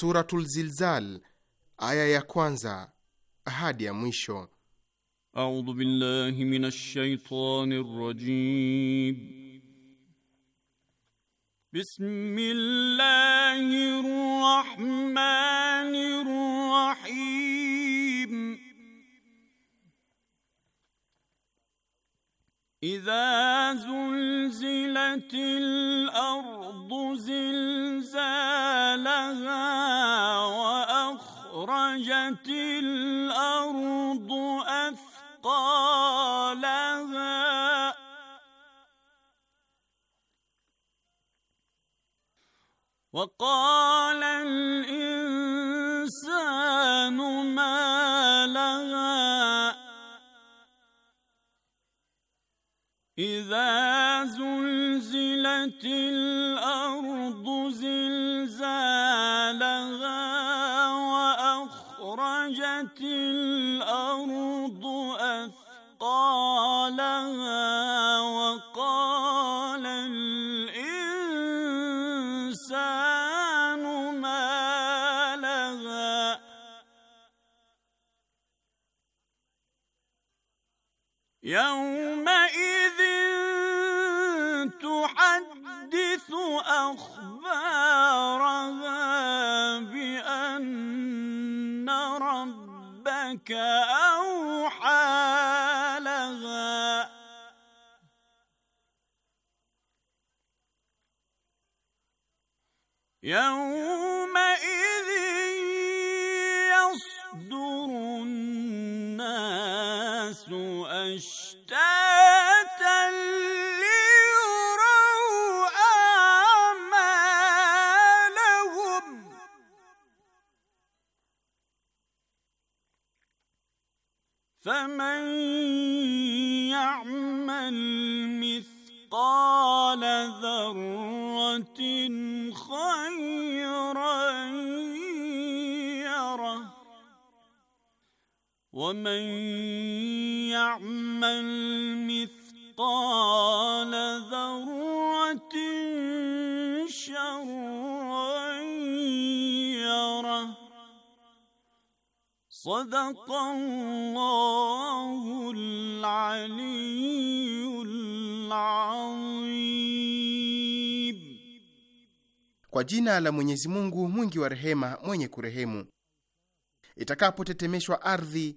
Suratul Zilzal aya ya kwanza hadi ya mwisho. A'udhu billahi minash shaitanir rajim. Bismillahir rahmanir rahim. إذا زلزلت الأرض وقال الإنسان ما لها إذا زلزلت الأرض زلزلت ومن يعمل مثقال ذرة شرا يره صدق الله العلي العظيم Kwa jina la Mwenyezi Mungu mwingi wa rehema mwenye kurehemu. Itakapotetemeshwa ardhi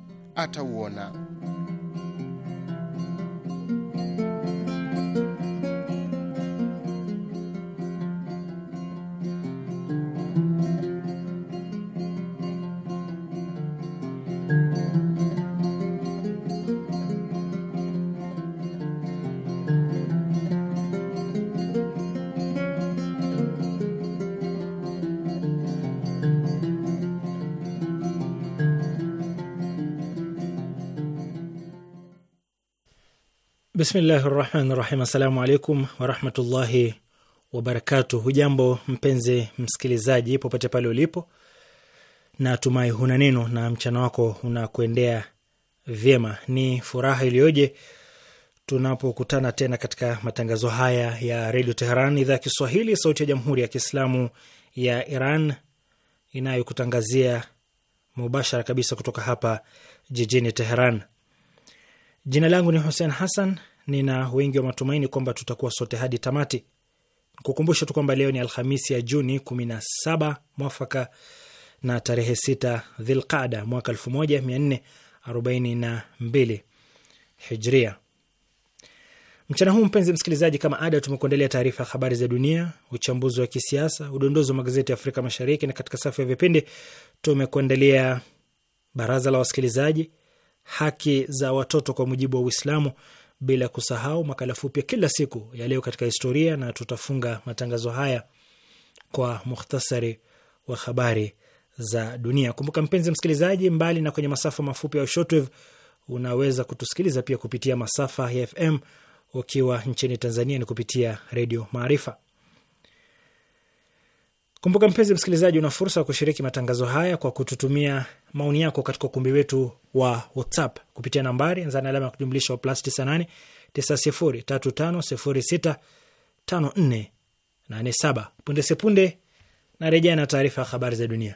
atauona. Bismillahi rahmani rahim. Assalamu alaikum warahmatullahi wabarakatu Hujambo mpenzi msikilizaji, popote pale ulipo, na tumai huna neno na mchana wako unakuendea vyema. Ni furaha iliyoje tunapokutana tena katika matangazo haya ya redio Teheran, idhaa ya Kiswahili, sauti ya jamhuri ya kiislamu ya Iran inayokutangazia mubashara kabisa kutoka hapa jijini Teheran. Jina langu ni Hussein Hassan nina wengi wa matumaini kwamba tutakuwa sote hadi tamati. Kukumbusha tu kwamba leo ni Alhamisi ya Juni 17 mwafaka na tarehe 6 Dhilqada mwaka 1442 Hijria. Mchana huu mpenzi msikilizaji, kama ada, tumekuandalia taarifa ya habari za dunia, uchambuzi wa kisiasa, udondozi wa magazeti ya Afrika Mashariki, na katika safu ya vipindi tumekuandalia baraza la wasikilizaji, haki za watoto kwa mujibu wa Uislamu, bila kusahau makala fupi ya kila siku ya leo katika historia, na tutafunga matangazo haya kwa muhtasari wa habari za dunia. Kumbuka mpenzi msikilizaji, mbali na kwenye masafa mafupi ya shortwave, unaweza kutusikiliza pia kupitia masafa ya FM. Ukiwa nchini Tanzania ni kupitia Redio Maarifa. Kumbuka mpenzi msikilizaji, una fursa ya kushiriki matangazo haya kwa kututumia maoni yako katika ukumbi wetu wa WhatsApp kupitia nambari anza na alama ya kujumlisha plus 98 9035065487. Punde sepunde na rejea na taarifa ya habari za dunia.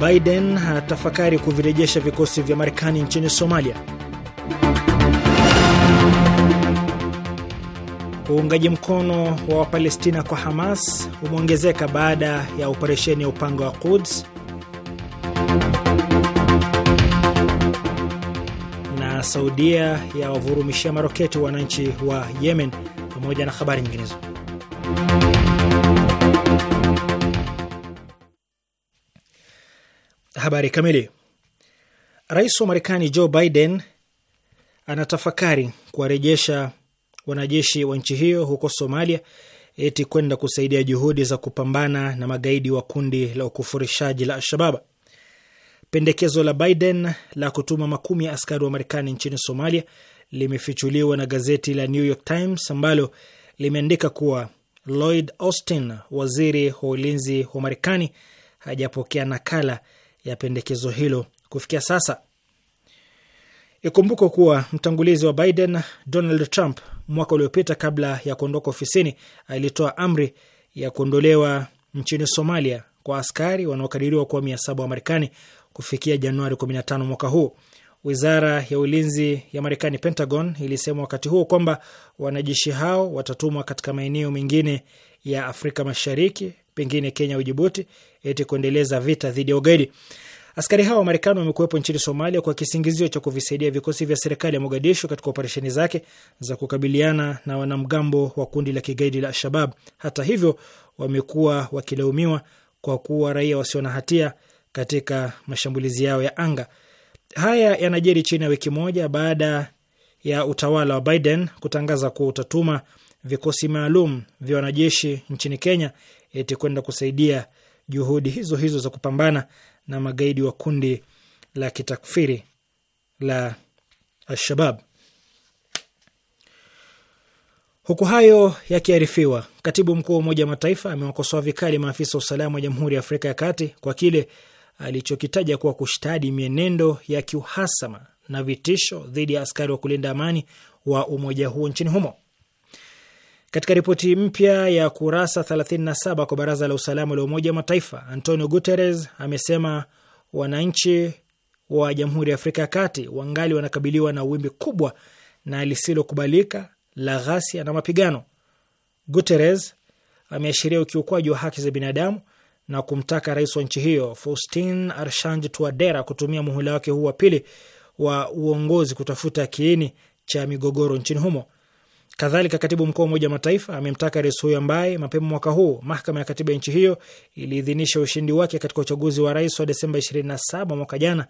Biden hatafakari kuvirejesha vikosi vya Marekani nchini Somalia. Uungaji mkono wa Wapalestina kwa Hamas umeongezeka baada ya operesheni ya upanga wa Quds. Na Saudia yawavurumishia maroketi wananchi wa Yemen pamoja na habari nyinginezo. Habari kamili. Rais wa Marekani Joe Biden anatafakari kuwarejesha wanajeshi wa nchi hiyo huko Somalia eti kwenda kusaidia juhudi za kupambana na magaidi wa kundi la ukufurishaji la Alshabab. Pendekezo la Biden la kutuma makumi ya askari wa Marekani nchini Somalia limefichuliwa na gazeti la New York Times ambalo limeandika kuwa Lloyd Austin, waziri wa ulinzi wa Marekani, hajapokea nakala ya pendekezo hilo kufikia sasa. Ikumbuko kuwa mtangulizi wa Biden, Donald Trump, mwaka uliopita kabla ya kuondoka ofisini, alitoa amri ya kuondolewa nchini Somalia kwa askari wanaokadiriwa kuwa mia saba wa Marekani kufikia Januari 15 mwaka huu. Wizara ya ulinzi ya Marekani, Pentagon, ilisema wakati huo kwamba wanajeshi hao watatumwa katika maeneo mengine ya Afrika Mashariki pengine Kenya au Jibuti eti kuendeleza vita dhidi ya ugaidi. Askari hao wa Marekani wamekuwepo nchini Somalia kwa kisingizio cha kuvisaidia vikosi vya serikali ya Mogadishu katika operesheni zake za kukabiliana na wanamgambo wa kundi la kigaidi la Al-Shabab. Hata hivyo, wamekuwa wakilaumiwa kwa kuwa raia wasio na hatia katika mashambulizi yao ya anga. Haya yanajiri chini ya wiki moja baada ya utawala wa Biden kutangaza kuwa utatuma vikosi maalum vya wanajeshi nchini Kenya eti kwenda kusaidia juhudi hizo hizo za kupambana na magaidi wa kundi la kitakfiri la Alshabab. Huku hayo yakiarifiwa, katibu mkuu wa Umoja wa Mataifa amewakosoa vikali maafisa wa usalama wa Jamhuri ya Afrika ya Kati kwa kile alichokitaja kuwa kushtadi mienendo ya kiuhasama na vitisho dhidi ya askari wa kulinda amani wa umoja huo nchini humo. Katika ripoti mpya ya kurasa 37 kwa Baraza la Usalama la Umoja wa Mataifa, Antonio Guterres amesema wananchi wa Jamhuri ya Afrika ya Kati wangali wanakabiliwa na wimbi kubwa na lisilokubalika la ghasia na mapigano. Guterres ameashiria ukiukwaji wa haki za binadamu na kumtaka rais wa nchi hiyo Faustin Archange Touadera kutumia muhula wake huu wa pili wa uongozi kutafuta kiini cha migogoro nchini humo. Kadhalika, katibu mkuu wa Umoja wa Mataifa amemtaka rais huyo ambaye mapema mwaka huu mahakama ya katiba ya nchi hiyo iliidhinisha ushindi wake katika uchaguzi wa rais wa Desemba 27 mwaka jana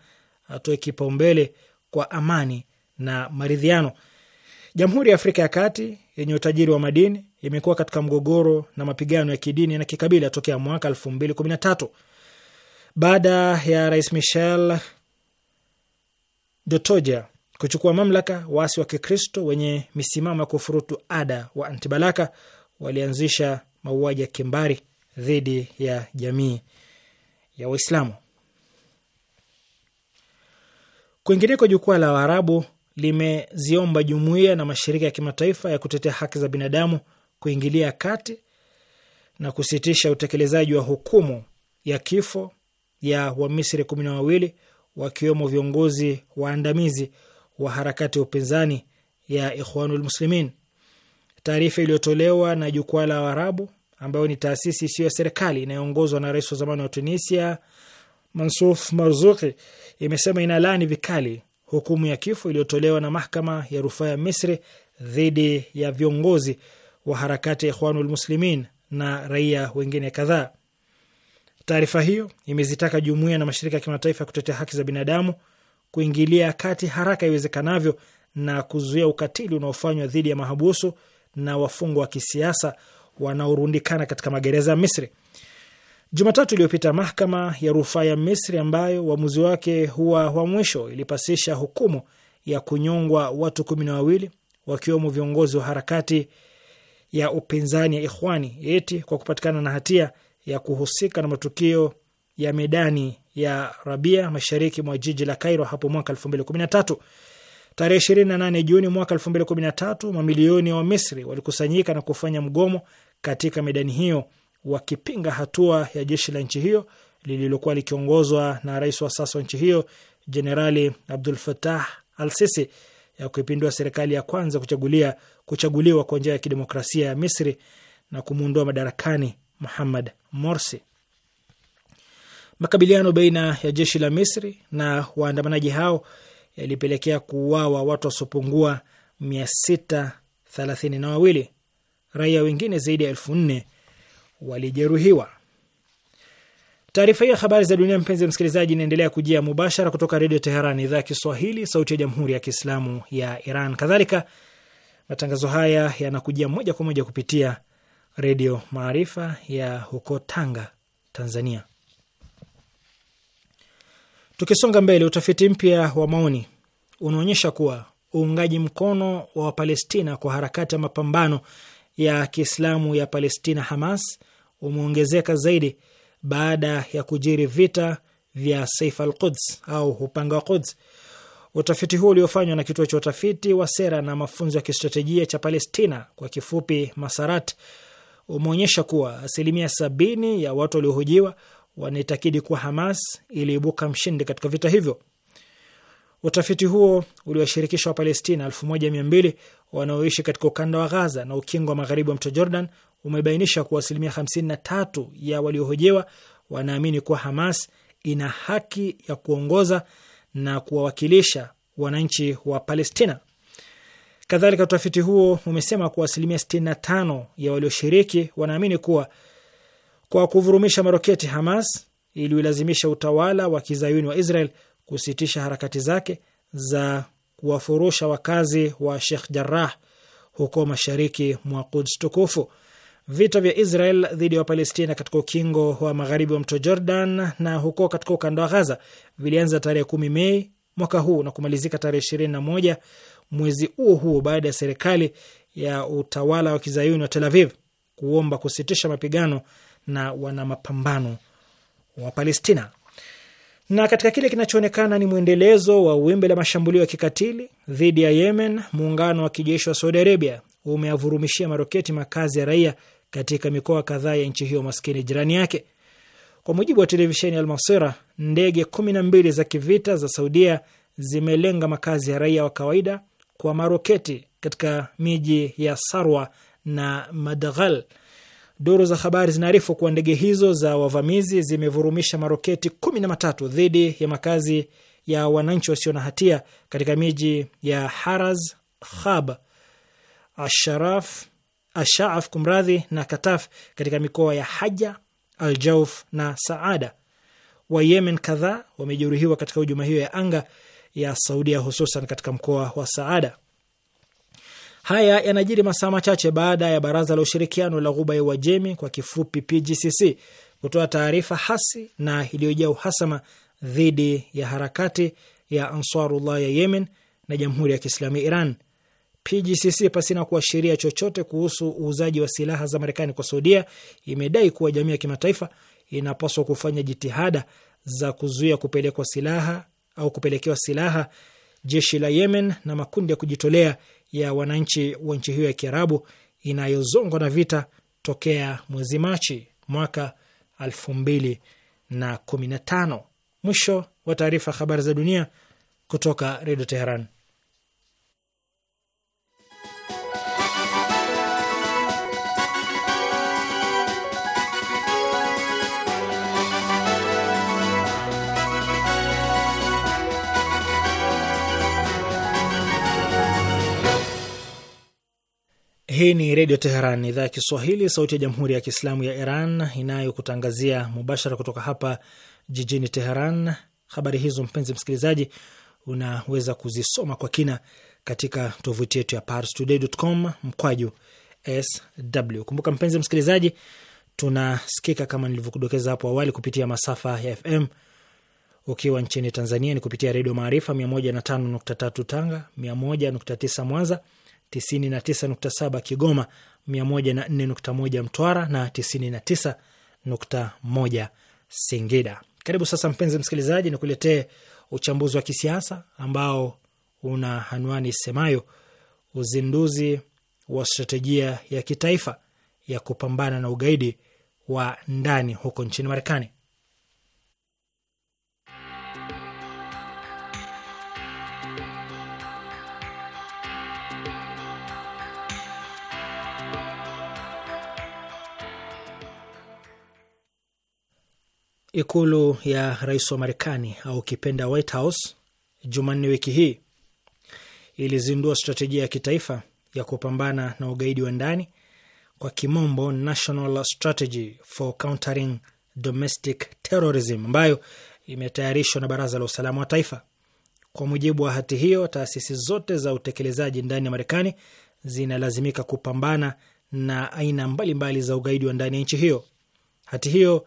atoe kipaumbele kwa amani na maridhiano. Jamhuri ya Afrika ya Kati yenye utajiri wa madini imekuwa katika mgogoro na mapigano ya kidini na kikabila tokea mwaka 2013 baada ya rais Michel Dotoja kuchukua mamlaka, waasi wa Kikristo wenye misimamo ya kufurutu ada wa Antibalaka walianzisha mauaji ya kimbari dhidi ya jamii ya Waislamu. Kwingineko, jukwaa la Waarabu limeziomba jumuiya na mashirika ya kimataifa ya kutetea haki za binadamu kuingilia kati na kusitisha utekelezaji wa hukumu ya kifo ya Wamisri kumi na wawili wakiwemo viongozi waandamizi wa harakati ya upinzani ya Ikhwanul Muslimin. Taarifa iliyotolewa na Jukwaa la Waarabu, ambayo ni taasisi isiyo ya serikali inayoongozwa na rais wa zamani wa Tunisia Mansuf Marzuki, imesema inalaani vikali hukumu ya kifo iliyotolewa na mahakama ya rufaa ya Misri dhidi ya viongozi wa harakati ya Ikhwanul Muslimin na raia wengine kadhaa. Taarifa hiyo imezitaka jumuiya na mashirika ya kimataifa ya kutetea haki za binadamu kuingilia kati haraka iwezekanavyo na kuzuia ukatili unaofanywa dhidi ya mahabusu na wafungwa wa kisiasa wanaorundikana katika magereza ya Misri. Jumatatu iliyopita mahakama ya rufaa ya Misri ambayo uamuzi wake huwa wa mwisho ilipasisha hukumu ya kunyongwa watu kumi na wawili wakiwemo viongozi wa harakati ya upinzani ya Ikhwani eti kwa kupatikana na hatia ya kuhusika na matukio ya medani ya Rabia mashariki mwa jiji la Cairo hapo mwaka 2013. Tarehe 28 Juni mwaka 2013, mamilioni ya Misri walikusanyika na kufanya mgomo katika medani hiyo wakipinga hatua ya jeshi la nchi hiyo lililokuwa likiongozwa na rais wa sasa wa nchi hiyo Jenerali Abdul Fatah Al Sisi ya kuipindua serikali ya kwanza kuchagulia, kuchaguliwa kwa njia ya kidemokrasia ya Misri na kumuondoa madarakani Muhammad Morsi. Makabiliano baina ya jeshi la Misri na waandamanaji hao yalipelekea kuuawa watu wasiopungua mia sita thelathini na wawili. Raia wengine zaidi ya elfu nne walijeruhiwa. Taarifa hii ya habari za dunia, mpenzi msikilizaji, inaendelea kujia mubashara kutoka Redio Teheran, idhaa ya Kiswahili, sauti ya jamhuri ya kiislamu ya Iran. Kadhalika matangazo haya yanakujia moja kwa moja kupitia Redio Maarifa ya huko Tanga, Tanzania. Tukisonga mbele, utafiti mpya wa maoni unaonyesha kuwa uungaji mkono wa Wapalestina kwa harakati ya mapambano ya Kiislamu ya Palestina, Hamas, umeongezeka zaidi baada ya kujiri vita vya Saif al Quds au upanga wa Quds. Utafiti huo uliofanywa na kituo cha utafiti wa sera na mafunzo ya kistratejia cha Palestina, kwa kifupi MASARAT, umeonyesha kuwa asilimia sabini ya watu waliohojiwa wanaitakidi kuwa Hamas iliibuka mshindi katika vita hivyo. Utafiti huo uliwashirikisha Wapalestina elfu moja mia mbili wanaoishi katika ukanda wa Ghaza na ukingo wa magharibi wa mto Jordan umebainisha kuwa asilimia hamsini na tatu ya waliohojewa wanaamini kuwa Hamas ina haki ya kuongoza na kuwawakilisha wananchi wa Palestina. Kadhalika, utafiti huo umesema kuwa asilimia sitini na tano ya walioshiriki wanaamini kuwa kwa kuvurumisha maroketi, Hamas iliulazimisha utawala wa kizayuni wa Israel kusitisha harakati zake za kuwafurusha wakazi wa Sheikh Jarrah huko mashariki mwa Kuds tukufu. Vita vya Israel dhidi ya Wapalestina katika ukingo wa magharibi wa mto Jordan na huko katika ukanda wa Ghaza vilianza tarehe kumi Mei mwaka huu na kumalizika tarehe ishirini na moja mwezi huo huo baada ya serikali ya utawala wa kizayuni wa Tel Aviv kuomba kusitisha mapigano na wana mapambano wa Palestina. Na katika kile kinachoonekana ni mwendelezo wa wimbi la mashambulio ya kikatili dhidi ya Yemen, muungano wa kijeshi wa Saudi Arabia umeavurumishia maroketi makazi ya raia katika mikoa kadhaa ya nchi hiyo maskini jirani yake. Kwa mujibu wa televisheni ya Almasira, ndege kumi na mbili za kivita za Saudia zimelenga makazi ya raia wa kawaida kwa maroketi katika miji ya Sarwa na Madghal. Duru za habari zinaarifu kuwa ndege hizo za wavamizi zimevurumisha maroketi kumi na matatu dhidi ya makazi ya wananchi wasio na hatia katika miji ya Haraz, Khab, Asharaf, Ashaaf kumradhi, na Kataf katika mikoa ya Haja, Aljauf na Saada. Wa Yemen kadhaa wamejeruhiwa katika hujuma hiyo ya anga ya Saudia, hususan katika mkoa wa Saada. Haya yanajiri masaa machache baada ya Baraza la Ushirikiano la Ghuba ya Uajemi, kwa kifupi PGCC, kutoa taarifa hasi na iliyojaa uhasama dhidi ya harakati ya Ansarullah ya Yemen na Jamhuri ya Kiislamu ya Iran. PGCC pasina kuashiria chochote kuhusu uuzaji wa silaha za Marekani kwa Saudia, imedai kuwa jamii ya kimataifa inapaswa kufanya jitihada za kuzuia kupelekwa silaha au kupelekewa silaha jeshi la Yemen na makundi ya kujitolea ya wananchi wa nchi hiyo ya Kiarabu inayozongwa na vita tokea mwezi Machi mwaka elfu mbili na kumi na tano. Mwisho wa taarifa. Habari za dunia kutoka Redio Teheran. Hii ni Redio Teheran, idhaa ya Kiswahili, sauti ya Jamhuri ya Kiislamu ya Iran, inayokutangazia mubashara kutoka hapa jijini Teheran. Habari hizo, mpenzi msikilizaji, unaweza kuzisoma kwa kina katika tovuti yetu ya parstoday.com mkwaju sw. Kumbuka mpenzi msikilizaji, tunasikika kama nilivyokudokeza hapo awali kupitia masafa ya FM. Ukiwa nchini Tanzania ni kupitia Redio Maarifa 105.3 Tanga, 101.9 Mwanza, 99.7 Kigoma, 104.1 Mtwara na 99.1 Singida. Karibu sasa, mpenzi msikilizaji, nikuletee uchambuzi wa kisiasa ambao una anwani semayo uzinduzi wa stratejia ya kitaifa ya kupambana na ugaidi wa ndani huko nchini Marekani. Ikulu ya rais wa Marekani au kipenda White House Jumanne wiki hii ilizindua strategia ya kitaifa ya kupambana na ugaidi wa ndani, kwa kimombo National Strategy for Countering Domestic Terrorism, ambayo imetayarishwa na Baraza la Usalama wa Taifa. Kwa mujibu wa hati hiyo, taasisi zote za utekelezaji ndani ya Marekani zinalazimika kupambana na aina mbalimbali mbali za ugaidi wa ndani ya nchi hiyo. Hati hiyo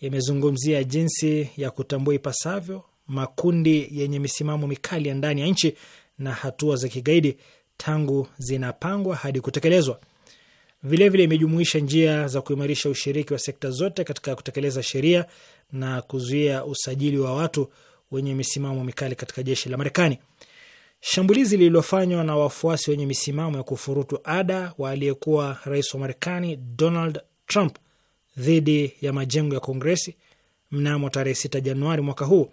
imezungumzia jinsi ya kutambua ipasavyo makundi yenye misimamo mikali ya ndani ya nchi na hatua za kigaidi tangu zinapangwa hadi kutekelezwa. Vilevile imejumuisha njia za kuimarisha ushiriki wa sekta zote katika kutekeleza sheria na kuzuia usajili wa watu wenye misimamo mikali katika jeshi la Marekani. Shambulizi lililofanywa na wafuasi wenye misimamo ya kufurutu ada wa aliyekuwa rais wa Marekani Donald Trump dhidi ya majengo ya Kongresi mnamo tarehe sita Januari mwaka huu,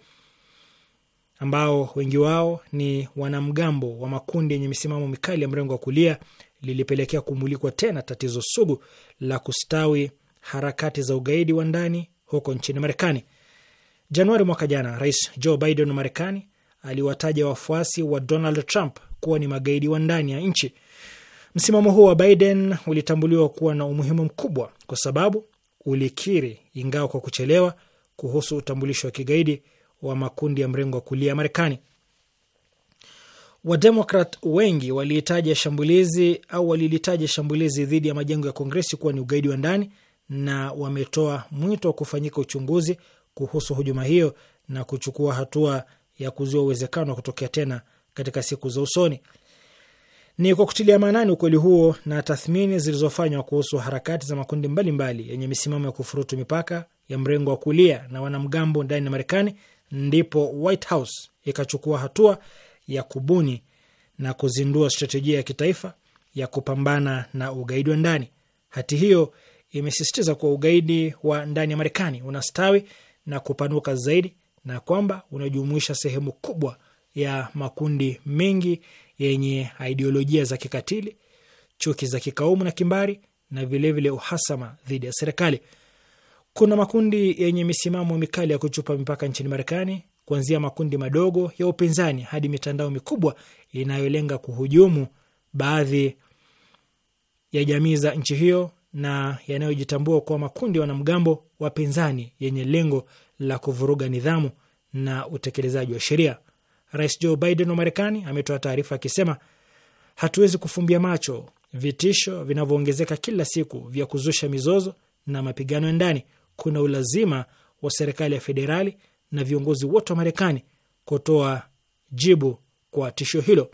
ambao wengi wao ni wanamgambo wa makundi yenye misimamo mikali ya mrengo wa kulia, lilipelekea kumulikwa tena tatizo sugu la kustawi harakati za ugaidi wa ndani huko nchini Marekani. Januari mwaka jana, Rais Joe Biden wa Marekani aliwataja wafuasi wa Donald Trump kuwa ni magaidi wa ndani ya nchi. Msimamo huo wa Biden ulitambuliwa kuwa na umuhimu mkubwa kwa sababu ulikiri, ingawa kwa kuchelewa, kuhusu utambulisho wa kigaidi wa makundi ya mrengo wa kulia ya Marekani. Wademokrat wengi waliitaja shambulizi au walilitaja shambulizi dhidi ya majengo ya Kongresi kuwa ni ugaidi wa ndani na wametoa mwito wa kufanyika uchunguzi kuhusu hujuma hiyo na kuchukua hatua ya kuzuia uwezekano wa kutokea tena katika siku za usoni. Ni kwa kutilia maanani ukweli huo na tathmini zilizofanywa kuhusu harakati za makundi mbalimbali yenye misimamo ya kufurutu mipaka ya mrengo wa kulia na wanamgambo ndani ya Marekani ndipo White House ikachukua hatua ya kubuni na kuzindua strategia ya kitaifa ya kupambana na ugaidi wa ndani. Hati hiyo imesisitiza kuwa ugaidi wa ndani ya Marekani unastawi na kupanuka zaidi na kwamba unajumuisha sehemu kubwa ya makundi mengi yenye ideolojia za kikatili, chuki za kikaumu na kimbari, na vilevile vile uhasama dhidi ya serikali. Kuna makundi yenye misimamo mikali ya kuchupa mipaka nchini Marekani, kuanzia makundi madogo ya upinzani hadi mitandao mikubwa inayolenga kuhujumu baadhi ya jamii za nchi hiyo na yanayojitambua kwa makundi ya wanamgambo wapinzani yenye lengo la kuvuruga nidhamu na utekelezaji wa sheria. Rais Joe Biden wa Marekani ametoa taarifa akisema, hatuwezi kufumbia macho vitisho vinavyoongezeka kila siku vya kuzusha mizozo na mapigano ya ndani. Kuna ulazima wa serikali ya federali na viongozi wote wa Marekani kutoa jibu kwa tishio hilo.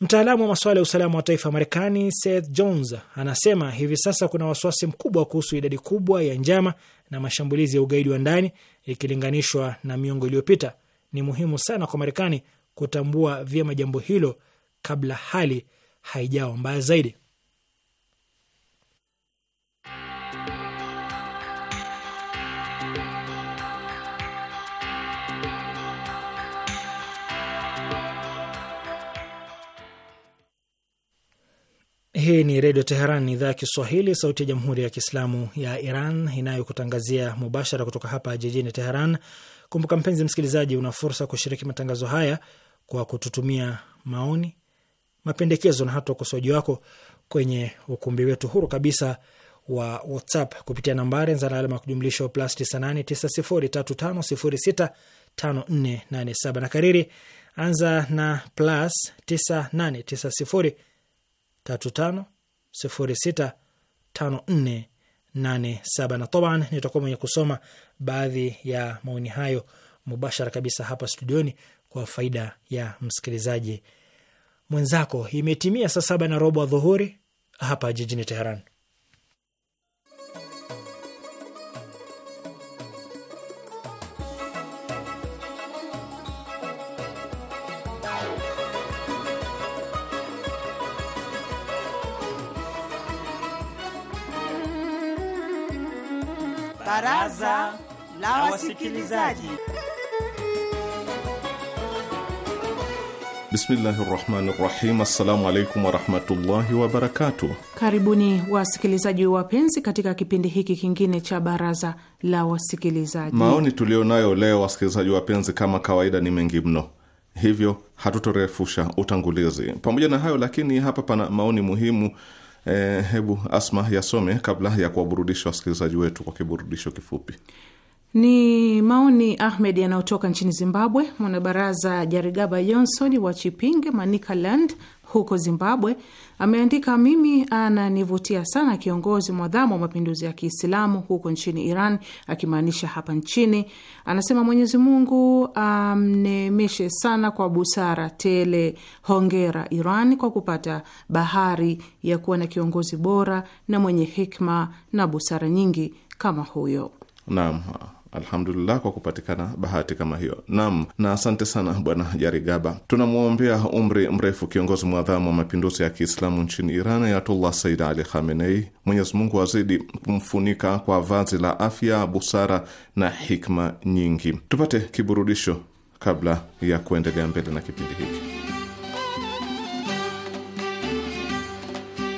Mtaalamu wa masuala ya usalama wa taifa Marekani Seth Jones anasema hivi sasa kuna wasiwasi mkubwa kuhusu idadi kubwa ya njama na mashambulizi ya ugaidi wa ndani ikilinganishwa na miongo iliyopita ni muhimu sana kwa Marekani kutambua vyema jambo hilo kabla hali haijawa mbaya zaidi. Hii ni Redio Teheran, idhaa ya Kiswahili, sauti ya Jamhuri ya Kiislamu ya Iran inayokutangazia mubashara kutoka hapa jijini Teheran. Kumbuka mpenzi msikilizaji, una fursa kushiriki matangazo haya kwa kututumia maoni, mapendekezo na hata ukosoaji wako kwenye ukumbi wetu huru kabisa wa WhatsApp kupitia nambari za alama ya kujumlisha plus 989035065487 na kariri anza na plus 9890350654 87 na toban nitakuwa mwenye kusoma baadhi ya maoni hayo mubashara kabisa hapa studioni kwa faida ya msikilizaji mwenzako. Imetimia saa saba na robo adhuhuri hapa jijini Teheran. Baraza la Wasikilizaji. Bismillahi rahmani rahim. Assalamu alaikum warahmatullahi wabarakatuh. Karibuni wasikilizaji wapenzi, katika kipindi hiki kingine cha baraza la wasikilizaji. Maoni tuliyo nayo leo, wasikilizaji wapenzi, kama kawaida ni mengi mno, hivyo hatutorefusha utangulizi. Pamoja na hayo lakini, hapa pana maoni muhimu E, hebu Asma yasome kabla ya kuwaburudisha wasikilizaji wetu kwa kiburudisho kifupi. Ni maoni Ahmed yanayotoka nchini Zimbabwe. Mwanabaraza Jarigaba Johnson wa Chipinge, Manicaland, huko Zimbabwe ameandika, mimi ananivutia sana kiongozi mwadhamu wa mapinduzi ya Kiislamu huko nchini Iran, akimaanisha hapa nchini. Anasema, Mwenyezi Mungu um, sana kwa busara tele. Hongera Iran kwa kupata bahari ya kuwa na kiongozi bora na mwenye hikma na busara nyingi kama huyo. Naam. Alhamdulillah kwa kupatikana bahati kama hiyo. Naam, na asante sana Bwana Jarigaba. Tunamwombea umri mrefu kiongozi mwadhamu wa mapinduzi ya Kiislamu nchini Iran, Ayatullah Said Ali Khamenei. Mwenyezi Mungu azidi kumfunika kwa vazi la afya, busara na hikma nyingi. Tupate kiburudisho kabla ya kuendelea mbele na kipindi hiki.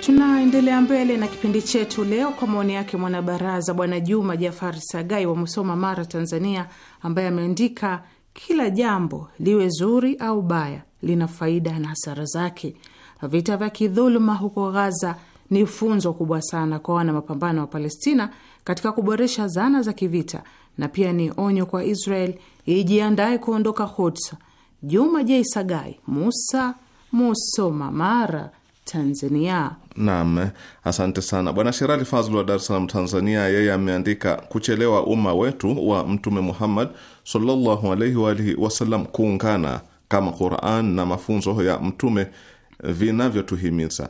Tunaendelea mbele na kipindi chetu leo kwa maoni yake mwanabaraza Bwana Juma jafar Sagai wa Musoma, Mara, Tanzania, ambaye ameandika kila jambo liwe zuri au baya lina faida na hasara zake. Vita vya kidhuluma huko Ghaza ni funzo kubwa sana kwa wana mapambano wa Palestina katika kuboresha zana za kivita na pia ni onyo kwa Israel ijiandaye kuondoka Hudsa. Juma J Sagai, Musa, Musoma, Mara, Tanzania. Naam, asante sana bwana Sherali Fazl wa Dar es Salaam, Tanzania. Yeye ameandika kuchelewa umma wetu wa Mtume Muhammad sallallahu alaihi wa alihi wasallam kuungana kama Quran na mafunzo ya Mtume vinavyotuhimiza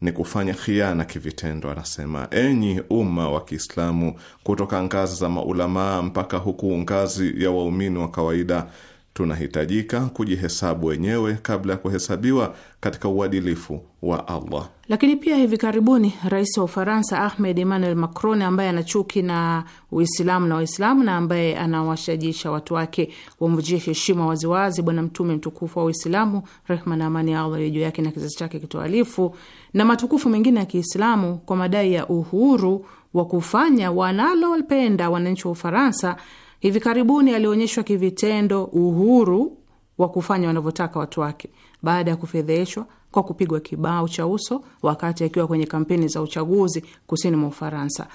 ni kufanya khiana kivitendo. Anasema, enyi umma wa Kiislamu, kutoka ngazi za maulamaa mpaka huku ngazi ya waumini wa kawaida tunahitajika kujihesabu wenyewe kabla ya kuhesabiwa katika uadilifu wa Allah. Lakini pia hivi karibuni rais wa Ufaransa Ahmed Emmanuel Macron, ambaye ana chuki na Uislamu na Waislamu na ambaye anawashajisha watu wake wamvujie heshima waziwazi Bwana Mtume mtukufu wa Uislamu, rehma na amani ya Allah juu yake na kizazi chake kitoalifu, na matukufu mengine ya Kiislamu kwa madai ya uhuru wa kufanya wanalopenda wananchi wa Ufaransa Hivi karibuni alionyeshwa kivitendo uhuru wa kufanya wanavyotaka watu wake baada ya kufedheheshwa kwa kupigwa kibao cha uso wakati akiwa kwenye kampeni za uchaguzi kusini mwa Ufaransa.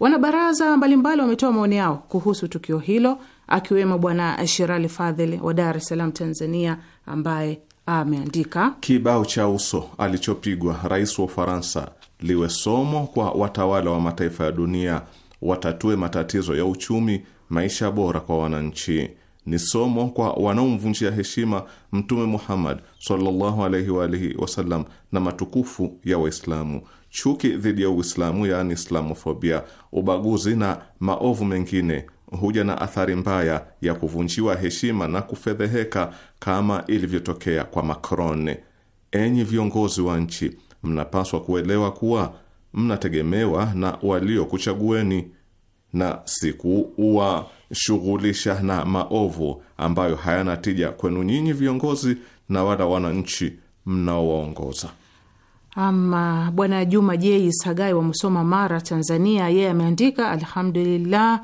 Wanabaraza mbalimbali wametoa maoni yao kuhusu tukio hilo, akiwemo Bwana Shirali Fadhili wa Dar es Salaam, Tanzania, ambaye ameandika kibao cha uso alichopigwa rais wa Ufaransa liwe somo kwa watawala wa mataifa ya dunia, watatue matatizo ya uchumi maisha bora kwa wananchi ni somo kwa wanaomvunjia heshima Mtume Muhammad sallallahu alaihi wa alihi wasallam na matukufu ya Waislamu. Chuki dhidi ya Uislamu, yaani islamofobia, ubaguzi na maovu mengine huja na athari mbaya ya kuvunjiwa heshima na kufedheheka kama ilivyotokea kwa Macron. Enyi viongozi wa nchi, mnapaswa kuelewa kuwa mnategemewa na waliokuchagueni na si na maovu ambayo hayana tija kwenu nyinyi viongozi na wala wananchi mnaowaongoza. Ama Bwana Juma Jei Sagai wa Musoma, Mara, Tanzania, yeye ameandika alhamdulillah,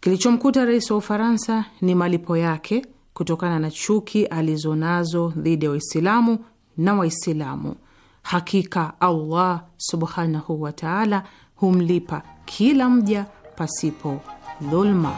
kilichomkuta rais wa Ufaransa ni malipo yake kutokana na chuki alizonazo dhidi ya Waislamu na Waislamu. Hakika Allah subhanahu wataala humlipa kila mja pasipo dhulma.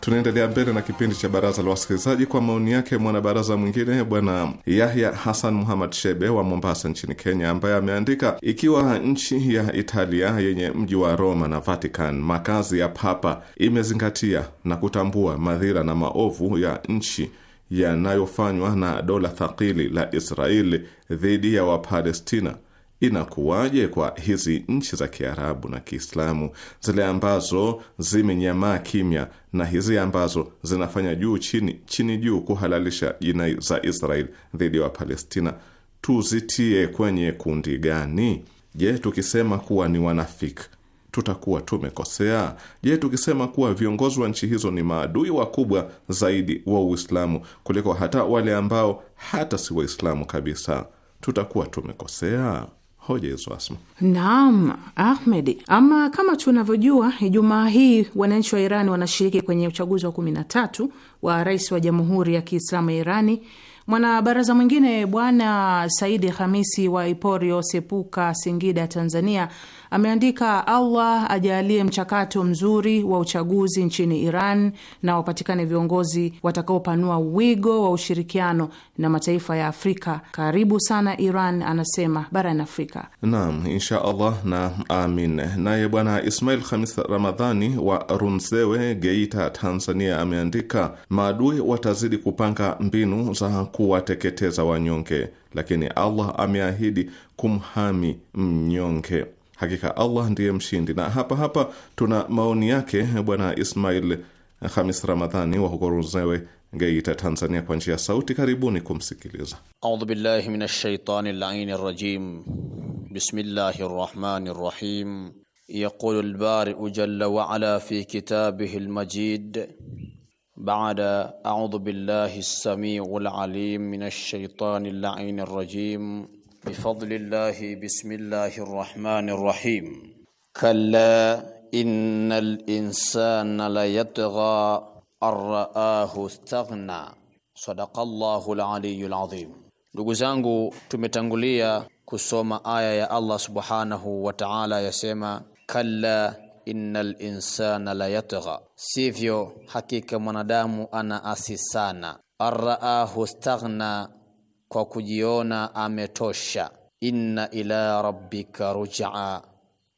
Tunaendelea mbele na kipindi cha baraza la wasikilizaji kwa maoni yake mwanabaraza mwingine bwana Yahya Hassan Muhammad Shebe wa Mombasa nchini Kenya, ambaye ameandika ikiwa nchi ya Italia yenye mji wa Roma na Vatican, makazi ya Papa, imezingatia na kutambua madhira na maovu ya nchi yanayofanywa na dola thakili la Israeli dhidi ya Wapalestina, inakuwaje kwa hizi nchi za Kiarabu na Kiislamu, zile ambazo zimenyamaa kimya na hizi ambazo zinafanya juu chini chini juu kuhalalisha jinai za israel dhidi ya Wapalestina? Tuzitie kwenye kundi gani? Je, tukisema kuwa ni wanafiki tutakuwa tumekosea? Je, tukisema kuwa viongozi wa nchi hizo ni maadui wakubwa zaidi wa Uislamu kuliko hata wale ambao hata si Waislamu kabisa, tutakuwa tumekosea? Hoja hizo Asma. Naam, Ahmed. Ama kama tunavyojua, Ijumaa hii wananchi wa Irani wanashiriki kwenye uchaguzi wa kumi na tatu wa rais wa Jamhuri ya Kiislamu ya Irani. Mwanabaraza mwingine Bwana Saidi Hamisi wa Iporio Sepuka, Singida, Tanzania Ameandika, Allah ajaalie mchakato mzuri wa uchaguzi nchini Iran na wapatikane viongozi watakaopanua wigo wa ushirikiano na mataifa ya Afrika. Karibu sana Iran, anasema barani Afrika. Naam, insha Allah na amin. Naye bwana Ismail Khamis Ramadhani wa Runzewe, Geita, Tanzania, ameandika, maadui watazidi kupanga mbinu za kuwateketeza wanyonge, lakini Allah ameahidi kumhami mnyonge. Hakika Allah ndiye mshindi. Na hapa hapa tuna maoni yake Bwana Ismail Hamis Ramadhani wa huko Runzewe, Geita, Tanzania, kwa njia ya sauti. Karibuni kumsikiliza. Audhu billahi minash shaitani laini rajim. Bismillahi rahmani rahim. Yaqulu albariu jalla wa ala fi kitabihi almajid bada audhu billahi assamiu alalim minash shaitani laini rajim بفضل الله بسم الله الرحمن الرحيم كلا إن الإنسان ليطغى أن رآه استغنى صدق الله العلي العظيم ndugu zangu tumetangulia kusoma aya ya allah subhanahu wa taala yasema kalla innal insana layatgha sivyo hakika mwanadamu ana asi sana arraahu staghna kwa kujiona ametosha. Inna ila rabbika rujaa,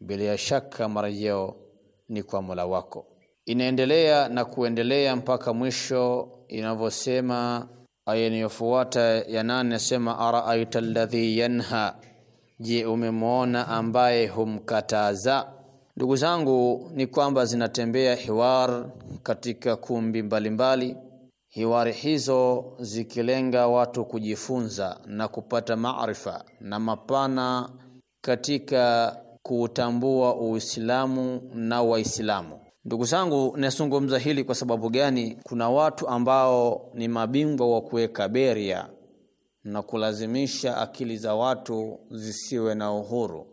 bila ya shaka marejeo ni kwa Mola wako. Inaendelea na kuendelea mpaka mwisho inavyosema aya inayofuata ya nane, sema araaita alladhi yanha, je, umemwona ambaye humkataza? Ndugu zangu, ni kwamba zinatembea hiwar katika kumbi mbalimbali mbali hiwari hizo zikilenga watu kujifunza na kupata maarifa na mapana katika kuutambua Uislamu na Waislamu. Ndugu zangu, nasungumza hili kwa sababu gani? Kuna watu ambao ni mabingwa wa kuweka beria na kulazimisha akili za watu zisiwe na uhuru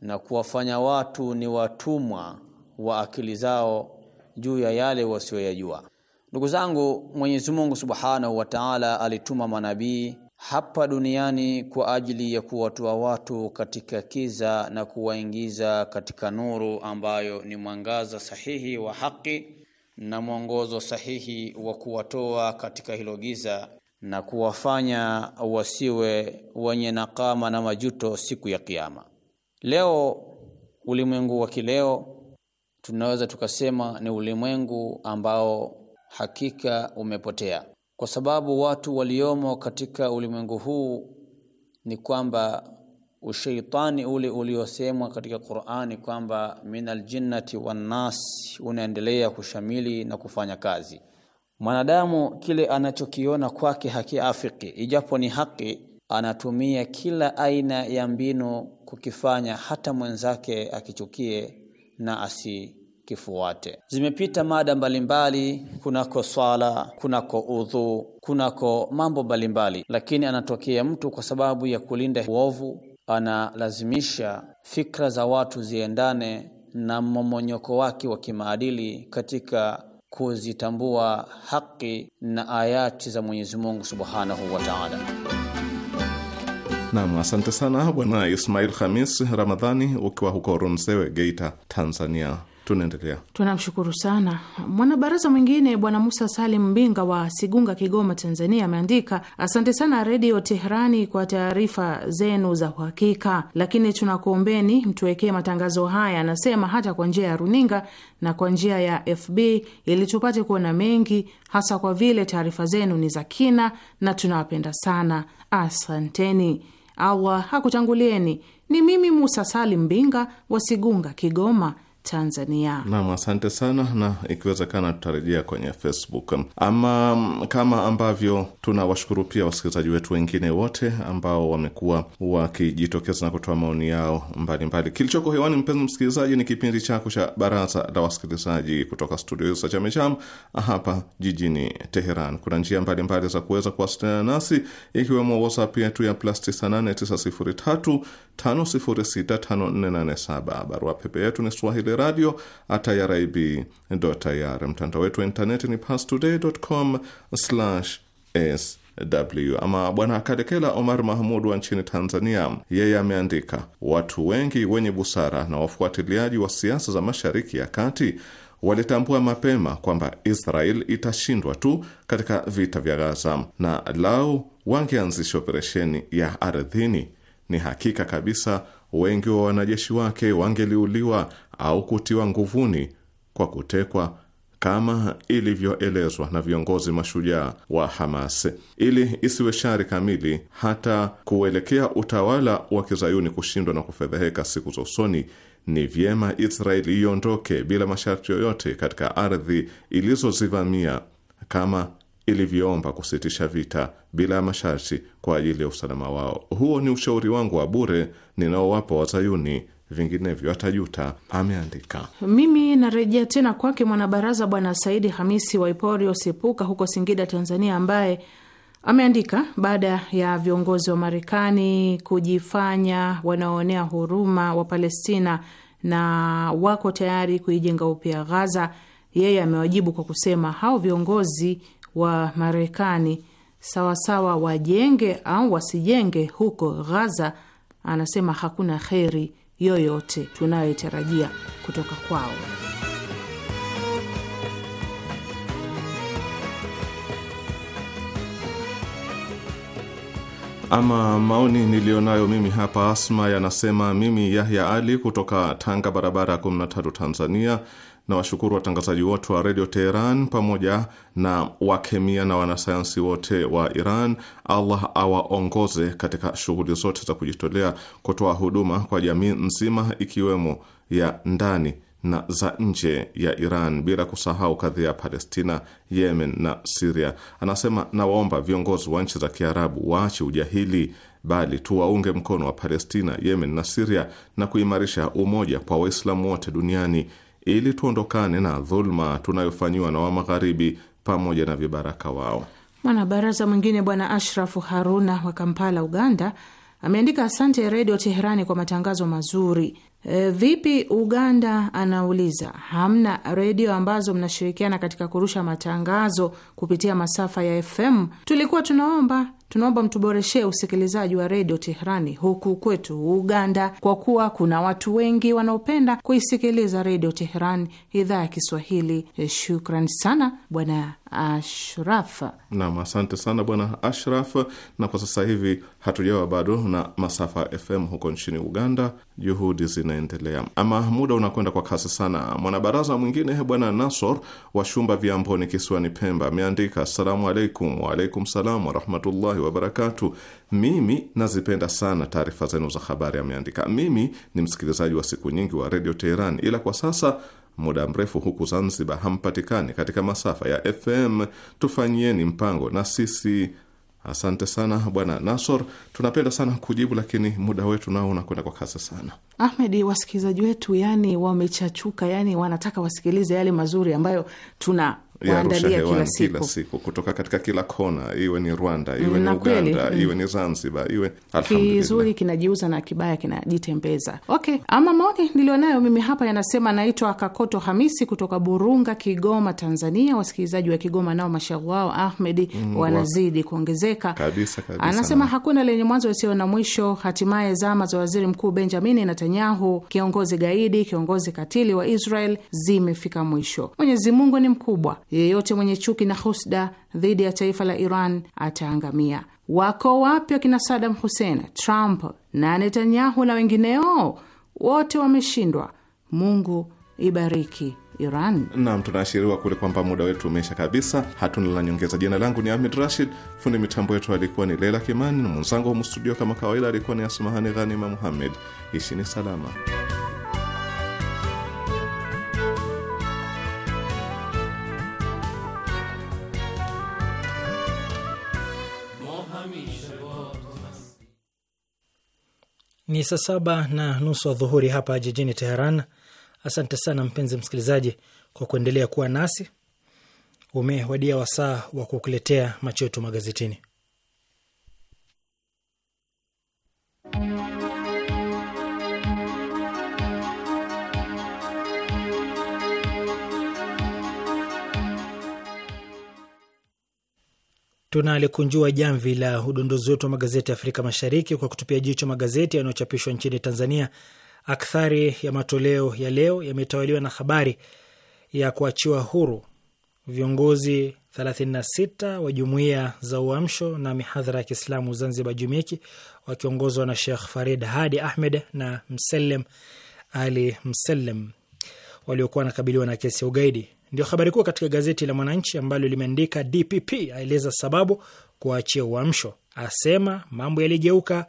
na kuwafanya watu ni watumwa wa akili zao juu ya yale wasiyoyajua. Ndugu zangu, Mwenyezi Mungu Subhanahu wa Ta'ala alituma manabii hapa duniani kwa ajili ya kuwatoa watu katika kiza na kuwaingiza katika nuru ambayo ni mwangaza sahihi wa haki na mwongozo sahihi wa kuwatoa katika hilo giza na kuwafanya wasiwe wenye nakama na majuto siku ya Kiyama. Leo ulimwengu wa kileo tunaweza tukasema ni ulimwengu ambao hakika umepotea, kwa sababu watu waliomo katika ulimwengu huu ni kwamba usheitani ule uliosemwa katika Qur'ani kwamba minal jinnati wan nas unaendelea kushamili na kufanya kazi. Mwanadamu kile anachokiona kwake hakiafiki, ijapo ni haki, anatumia kila aina ya mbinu kukifanya hata mwenzake akichukie na asi kifuate. Zimepita mada mbalimbali kunako swala, kunako udhu, kunako mambo mbalimbali, lakini anatokea mtu kwa sababu ya kulinda uovu analazimisha fikra za watu ziendane na mmomonyoko wake wa kimaadili katika kuzitambua haki na ayati za Mwenyezi Mungu Subhanahu wa Ta'ala. Naam, asante sana Bwana Ismail Khamis Ramadhani ukiwa huko rumsewe Geita, Tanzania. Tunaendelea. Tunamshukuru sana mwanabaraza mwingine Bwana Musa Salim Mbinga wa Sigunga, Kigoma, Tanzania, ameandika asante sana Redio Teherani kwa taarifa zenu za uhakika, lakini tunakuombeni mtuwekee matangazo haya, anasema hata kwa njia ya runinga na kwa njia ya FB ili tupate kuona mengi, hasa kwa vile taarifa zenu ni za kina na tunawapenda sana. Asanteni, Allah hakutangulieni. Ni mimi Musa Salim Mbinga wa Sigunga, Kigoma. Tanzania. Naam, asante sana, na ikiwezekana tutarejea kwenye Facebook. Ama kama ambavyo tunawashukuru pia wasikilizaji wetu wengine wote ambao wamekuwa wakijitokeza na kutoa maoni yao mbalimbali. Kilichoko hewani, mpenzi msikilizaji, ni kipindi chako cha Baraza la Wasikilizaji kutoka studio hizo za Chamecham hapa jijini Teheran. Kuna njia mbalimbali mbali za kuweza kuwasiliana nasi, ikiwemo WhatsApp yetu ya plus 989035065487. Barua pepe yetu ni swahili radio at irib Mtandao wetu wa intaneti ni pastoday.com sw. Ama bwana kadekela Omar Mahmud wa nchini Tanzania, yeye ameandika, watu wengi wenye busara na wafuatiliaji wa siasa za mashariki ya kati walitambua mapema kwamba Israel itashindwa tu katika vita vya Gaza, na lau wangeanzisha operesheni ya ardhini, ni hakika kabisa wengi wa wanajeshi wake wangeliuliwa au kutiwa nguvuni kwa kutekwa kama ilivyoelezwa na viongozi mashujaa wa Hamas ili isiwe shari kamili hata kuelekea utawala wa kizayuni kushindwa na kufedheheka siku za usoni, ni vyema Israeli iondoke bila masharti yoyote katika ardhi ilizozivamia kama ilivyoomba kusitisha vita bila ya masharti kwa ajili ya usalama wao. Huo ni ushauri wangu wa bure ninaowapa wazayuni vinginevyo atajuta. Ameandika, mimi narejea tena kwake mwanabaraza Bwana Saidi Hamisi wa Iporio Sepuka huko Singida, Tanzania, ambaye ameandika baada ya viongozi wa Marekani kujifanya wanaoonea huruma wa Palestina na wako tayari kuijenga upya Ghaza, yeye amewajibu kwa kusema hao viongozi wa Marekani sawasawa, wajenge au wasijenge huko Ghaza, anasema hakuna kheri yoyote tunayoitarajia kutoka kwao. Ama maoni niliyonayo mimi hapa, Asma yanasema, mimi Yahya Ali kutoka Tanga, barabara ya 13 Tanzania na washukuru watangazaji wote wa redio Teheran pamoja na wakemia na wanasayansi wote wa Iran. Allah awaongoze katika shughuli zote za kujitolea kutoa huduma kwa jamii nzima, ikiwemo ya ndani na za nje ya Iran, bila kusahau kadhia ya Palestina, Yemen na Siria. Anasema, nawaomba viongozi wa nchi za Kiarabu waache ujahili bali tuwaunge mkono wa Palestina, Yemen na Siria na kuimarisha umoja kwa Waislamu wote duniani ili tuondokane na dhuluma tunayofanyiwa na wa magharibi pamoja na vibaraka wao. Mwanabaraza mwingine Bwana Ashrafu Haruna wa Kampala, Uganda, ameandika asante Redio Teherani kwa matangazo mazuri. E, vipi Uganda? Anauliza, hamna redio ambazo mnashirikiana katika kurusha matangazo kupitia masafa ya FM? Tulikuwa tunaomba tunaomba mtuboreshee usikilizaji wa redio Teherani huku kwetu Uganda, kwa kuwa kuna watu wengi wanaopenda kuisikiliza redio Teheran, idhaa ya Kiswahili. E, shukran sana bwana Ashraf. Naam, asante sana bwana Ashraf. Na kwa sasa hivi hatujawa bado na masafa FM huko nchini Uganda, juhudi zinaendelea, ama muda unakwenda kwa kasi sana. Mwanabaraza mwingine bwana Nasor wa Shumba Vyamboni, kisiwani Pemba ameandika, assalamu alaikum. Waalaikum salam warahmatullahi warahmatullahi wabarakatu. Mimi nazipenda sana taarifa zenu za habari, ameandika. Mimi ni msikilizaji wa siku nyingi wa redio Teheran, ila kwa sasa muda mrefu huku Zanzibar hampatikani katika masafa ya FM. Tufanyieni mpango na sisi. Asante sana Bwana Nasor, tunapenda sana kujibu, lakini muda wetu nao unakwenda kwa kasi sana. Ahmed, wasikilizaji wetu yani wamechachuka, yani wanataka wasikilize yale mazuri ambayo tuna rusha hewani kila, kila siku kutoka katika kila kona, iwe ni Rwanda, iwe mm, ni Uganda, mm. iwe ni Zanzibar, iwe kizuri kinajiuza na kibaya kinajitembeza. Okay, ama maoni nilionayo mimi hapa yanasema, naitwa Kakoto Hamisi kutoka Burunga, Kigoma, Tanzania. Wasikilizaji wa Kigoma nao mashauri wao Ahmedi mm, wanazidi kuongezeka kabisa, kabisa. Anasema na hakuna lenye mwanzo usio na mwisho. Hatimaye zama za waziri mkuu Benjamini Netanyahu, kiongozi gaidi, kiongozi katili wa Israel zimefika mwisho. Mwenyezi Mungu ni mkubwa Yeyote mwenye chuki na husda dhidi ya taifa la Iran ataangamia. Wako wapi wakina Sadam Hussein, Trump na Netanyahu na wengineo? Wote wameshindwa. Mungu ibariki Iran. Naam, tunaashiriwa kule kwamba muda wetu umeisha kabisa, hatuna la nyongeza. Jina langu ni Ahmed Rashid, fundi mitambo yetu alikuwa ni Leila Kimani na mwenzangu wa mstudio kama kawaida alikuwa ni Asmahani Ghanima Muhammed. Ishini salama. Ni saa saba na nusu dhuhuri hapa jijini Teheran. Asante sana mpenzi msikilizaji kwa kuendelea kuwa nasi. Umewadia wasaa wa kukuletea macho yetu magazetini. tunalikunjua jamvi la udondozi wetu wa magazeti ya Afrika Mashariki kwa kutupia jicho magazeti yanayochapishwa nchini Tanzania. Akthari ya matoleo ya leo yametawaliwa na habari ya kuachiwa huru viongozi 36 wa jumuiya za Uamsho na mihadhara ya Kiislamu Zanzibar, Jumiki, wakiongozwa na Shekh Farid Hadi Ahmed na Mselem Ali Mselem, waliokuwa wanakabiliwa na kesi ya ugaidi. Ndio habari kuu katika gazeti la Mwananchi ambalo limeandika DPP aeleza sababu kuachia Uamsho, asema mambo yaligeuka,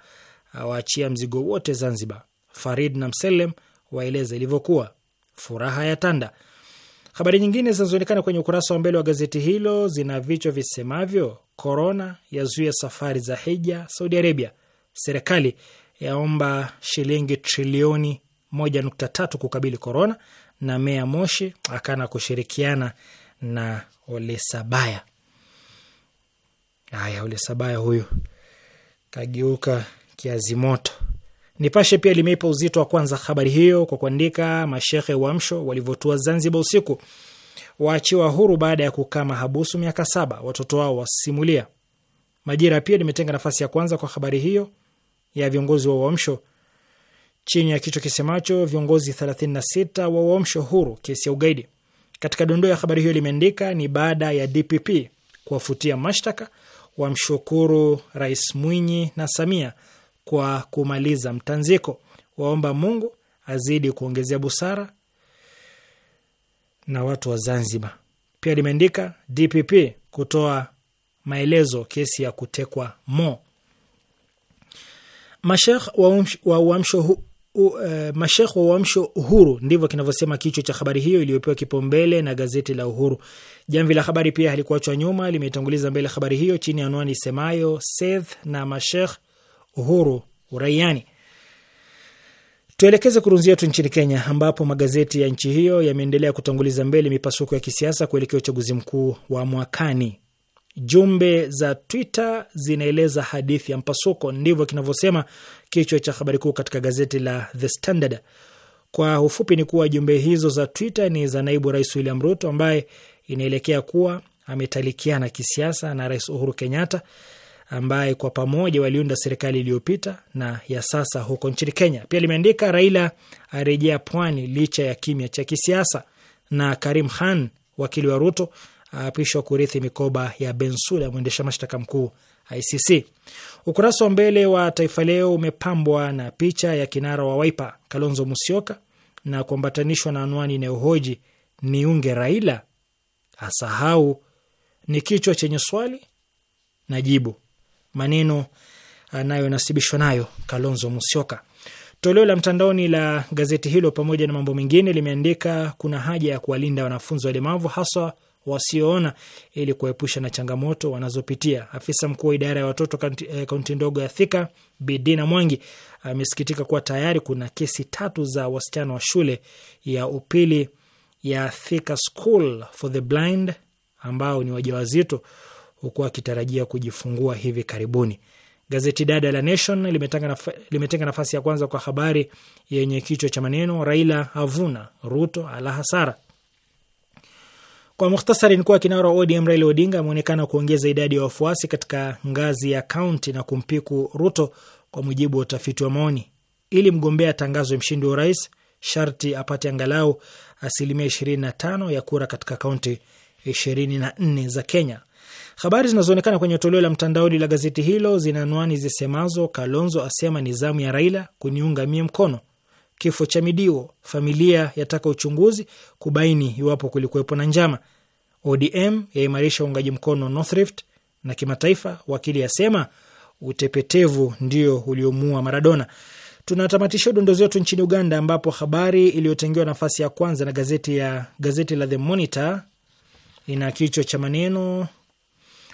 awaachia mzigo wote Zanzibar. Farid na Mselem waeleza ilivyokuwa, furaha ya tanda. Habari nyingine zinazoonekana kwenye ukurasa wa mbele wa gazeti hilo zina vichwa visemavyo: korona yazuia safari za hija Saudi Arabia, serikali yaomba shilingi trilioni 1.3 kukabili korona, na Mea Moshi akana kushirikiana na Ole Sabaya. Haya, Ole Sabaya huyu kageuka kiazi moto. Nipashe pia limeipa uzito wa kwanza habari hiyo kwa kuandika mashehe wamsho walivyotua Zanzibar usiku, waachiwa huru baada ya kukaa mahabusu miaka saba, watoto wao wasimulia. Majira pia limetenga nafasi ya kwanza kwa habari hiyo ya viongozi wa Waamsho chini ya kichwa kisemacho viongozi 36 wa uamsho huru kesi ya ugaidi. Katika dondoo ya habari hiyo limeandika ni baada ya DPP kuwafutia mashtaka, wamshukuru Rais Mwinyi na Samia kwa kumaliza mtanziko, waomba Mungu azidi kuongezea busara na watu wa Zanzibar. Pia limeandika DPP kutoa maelezo kesi ya kutekwa Mo. Mashekh wa uamsho uh, eh, mashekh wa uamsho uhuru ndivyo kinavyosema kichwa cha habari hiyo iliyopewa kipaumbele na gazeti la Uhuru. Jamvi la Habari pia halikuachwa nyuma, limetanguliza mbele habari hiyo chini ya anwani semayo Seth na mashekh uhuru uraiani. Tuelekeze kurunzi yetu nchini Kenya, ambapo magazeti ya nchi hiyo yameendelea kutanguliza mbele mipasuko ya kisiasa kuelekea uchaguzi mkuu wa mwakani. Jumbe za Twitter zinaeleza hadithi ya mpasuko, ndivyo kinavyosema kichwa cha habari kuu katika gazeti la The Standard. Kwa ufupi ni kuwa jumbe hizo za Twitter ni za naibu rais William Ruto ambaye inaelekea kuwa ametalikiana kisiasa na rais Uhuru Kenyatta ambaye kwa pamoja waliunda serikali iliyopita na ya sasa huko nchini Kenya. Pia limeandika Raila arejea pwani licha ya kimya cha kisiasa, na Karim Khan wakili wa Ruto aapishwa kurithi mikoba ya Bensouda, mwendesha mashtaka mkuu ICC. Ukurasa wa mbele wa Taifa Leo umepambwa na picha ya kinara wa Waipa Kalonzo Musyoka na kuambatanishwa na anwani inayohoji niunge Raila asahau ni kichwa chenye swali na jibu, maneno anayonasibishwa nayo Kalonzo Musyoka. Toleo la mtandaoni la gazeti hilo, pamoja na mambo mengine, limeandika kuna haja ya kuwalinda wanafunzi walemavu, haswa wasioona ili kuwaepusha na changamoto wanazopitia. Afisa mkuu wa idara ya watoto kaunti eh, ndogo ya Thika, Bidina Mwangi, amesikitika kuwa tayari kuna kesi tatu za wasichana wa shule ya upili ya Thika School for the Blind ambao ni wajawazito, huku akitarajia kujifungua hivi karibuni. Gazeti dada la Nation limetenga nafasi ya kwanza kwa habari yenye kichwa cha maneno Raila avuna, Ruto ala hasara. Kwa mukhtasari ni kuwa kinara wa ODM Raila Odinga ameonekana kuongeza idadi ya wa wafuasi katika ngazi ya kaunti na kumpiku Ruto kwa mujibu wa utafiti wa maoni. Ili mgombea atangazwe mshindi wa urais, sharti apate angalau asilimia 25 ya kura katika kaunti 24 za Kenya. Habari zinazoonekana kwenye toleo la mtandaoni la gazeti hilo zina anwani zisemazo: Kalonzo asema nizamu ya Raila kuniunga mie mkono, kifo cha Midio, familia yataka uchunguzi kubaini iwapo kulikuwepo na njama. ODM yaimarisha uungaji mkono Northrift na kimataifa, wakili yasema utepetevu ndio uliomuua Maradona. Tunatamatisha udondozi wetu nchini Uganda, ambapo habari iliyotengewa nafasi ya kwanza na gazeti ya gazeti la The Monitor ina kichwa cha maneno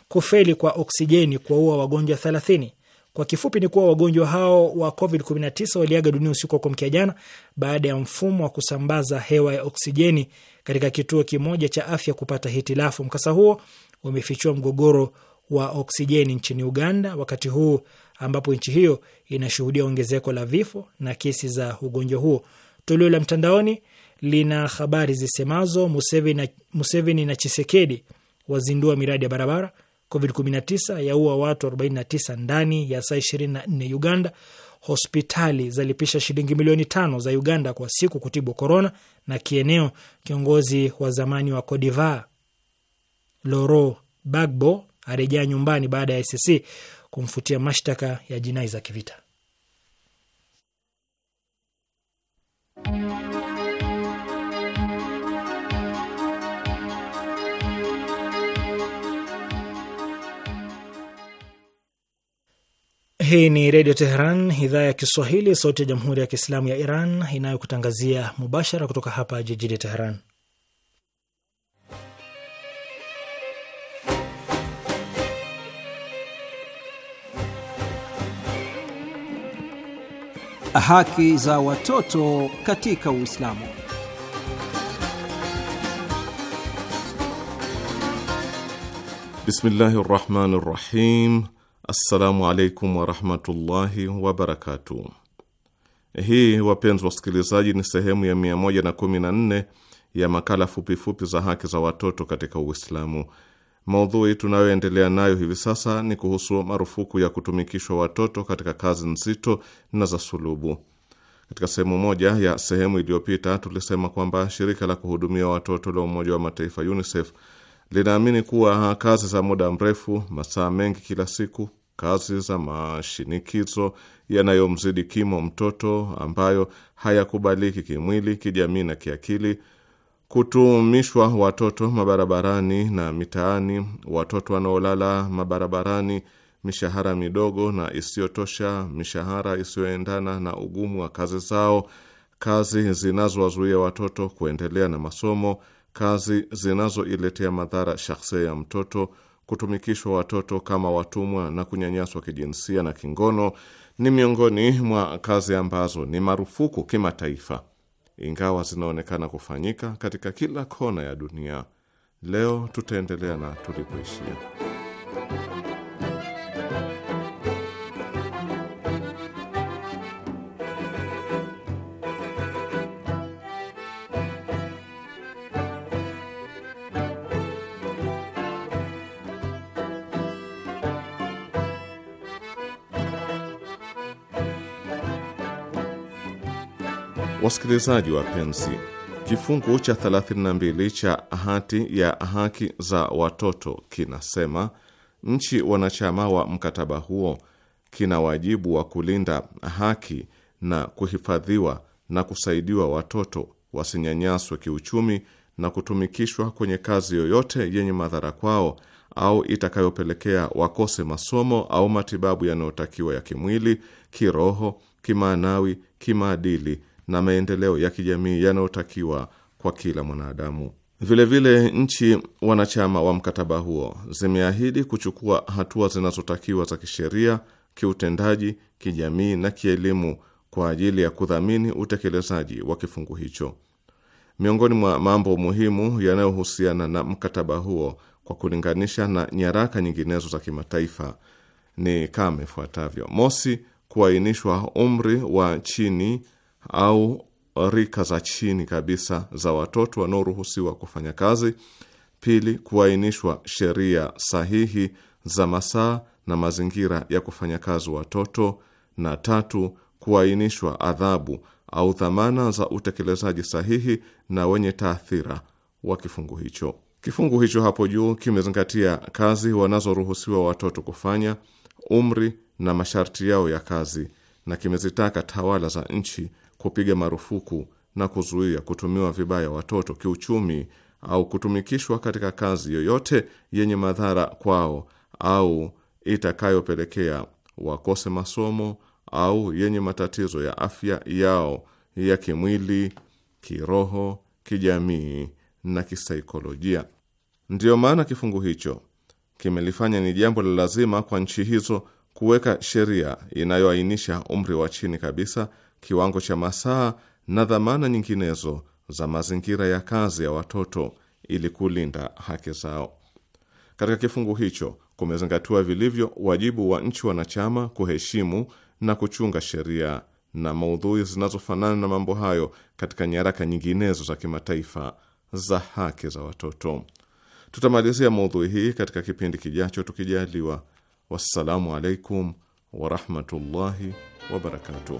kufeli kwa oksijeni kuwaua wagonjwa thelathini. Kwa kifupi ni kuwa wagonjwa hao wa COVID-19 waliaga dunia usiku wa kuamkia jana baada ya mfumo wa kusambaza hewa ya oksijeni katika kituo kimoja cha afya kupata hitilafu. Mkasa huo umefichua mgogoro wa oksijeni nchini Uganda wakati huu ambapo nchi hiyo inashuhudia ongezeko la vifo na kesi za ugonjwa huo. Toleo la mtandaoni lina habari zisemazo Museveni na Chisekedi wazindua miradi ya barabara COVID-19 yaua watu 49 ndani ya saa 24 Uganda. Hospitali zalipisha shilingi milioni tano za Uganda kwa siku kutibu korona. Na kieneo, kiongozi wa zamani wa Codiva Loro Bagbo arejea nyumbani baada ya ICC kumfutia mashtaka ya jinai za kivita. Hii ni Redio Teheran, idhaa ya Kiswahili, sauti ya Jamhuri ya Kiislamu ya Iran, inayokutangazia mubashara kutoka hapa jijini Teheran. Haki za watoto katika Uislamu. Bismillahi rahmani rahim. Assalamu alaikum warahmatullahi wabarakatu. Hii wapenzi wasikilizaji, ni sehemu ya 114 ya makala fupifupi za haki za watoto katika Uislamu. Maudhui tunayoendelea nayo hivi sasa ni kuhusu marufuku ya kutumikishwa watoto katika kazi nzito na za sulubu. Katika sehemu moja ya sehemu iliyopita tulisema kwamba shirika la kuhudumia watoto la Umoja wa Mataifa UNICEF linaamini kuwa kazi za muda mrefu, masaa mengi kila siku, kazi za mashinikizo yanayomzidi kimo mtoto, ambayo hayakubaliki kimwili, kijamii na kiakili, kutumishwa watoto mabarabarani na mitaani, watoto wanaolala mabarabarani, mishahara midogo na isiyotosha, mishahara isiyoendana na ugumu wa kazi zao, kazi zinazowazuia watoto kuendelea na masomo kazi zinazoiletea madhara shakhsia ya mtoto, kutumikishwa watoto kama watumwa na kunyanyaswa kijinsia na kingono ni miongoni mwa kazi ambazo ni marufuku kimataifa, ingawa zinaonekana kufanyika katika kila kona ya dunia. Leo tutaendelea na tulipoishia. Wasikilizaji wapenzi, kifungu cha 32 cha hati ya haki za watoto kinasema nchi wanachama wa mkataba huo kina wajibu wa kulinda haki na kuhifadhiwa na kusaidiwa watoto wasinyanyaswe kiuchumi na kutumikishwa kwenye kazi yoyote yenye madhara kwao au itakayopelekea wakose masomo au matibabu yanayotakiwa ya kimwili, kiroho, kimaanawi, kimaadili na maendeleo ya kijamii yanayotakiwa kwa kila mwanadamu. Vilevile, nchi wanachama wa mkataba huo zimeahidi kuchukua hatua zinazotakiwa za kisheria, kiutendaji, kijamii na kielimu kwa ajili ya kudhamini utekelezaji wa kifungu hicho. Miongoni mwa mambo muhimu yanayohusiana na mkataba huo kwa kulinganisha na nyaraka nyinginezo za kimataifa ni kama ifuatavyo: mosi, kuainishwa umri wa chini au rika za chini kabisa za watoto wanaoruhusiwa kufanya kazi. Pili, kuainishwa sheria sahihi za masaa na mazingira ya kufanya kazi watoto, na tatu, kuainishwa adhabu au dhamana za utekelezaji sahihi na wenye taathira wa kifungu hicho. Kifungu hicho hapo juu kimezingatia kazi wanazoruhusiwa watoto kufanya, umri na masharti yao ya kazi, na kimezitaka tawala za nchi kupiga marufuku na kuzuia kutumiwa vibaya watoto kiuchumi au kutumikishwa katika kazi yoyote yenye madhara kwao au itakayopelekea wakose masomo au yenye matatizo ya afya yao ya kimwili, kiroho, kijamii na kisaikolojia. Ndiyo maana kifungu hicho kimelifanya ni jambo la lazima kwa nchi hizo kuweka sheria inayoainisha umri wa chini kabisa kiwango cha masaa na dhamana nyinginezo za mazingira ya kazi ya watoto ili kulinda haki zao. Katika kifungu hicho kumezingatiwa vilivyo wajibu wa nchi wanachama kuheshimu na kuchunga sheria na maudhui zinazofanana na mambo hayo katika nyaraka nyinginezo za kimataifa za haki za watoto. Tutamalizia maudhui hii katika kipindi kijacho tukijaliwa. Wassalamu alaikum warahmatullahi wabarakatuh.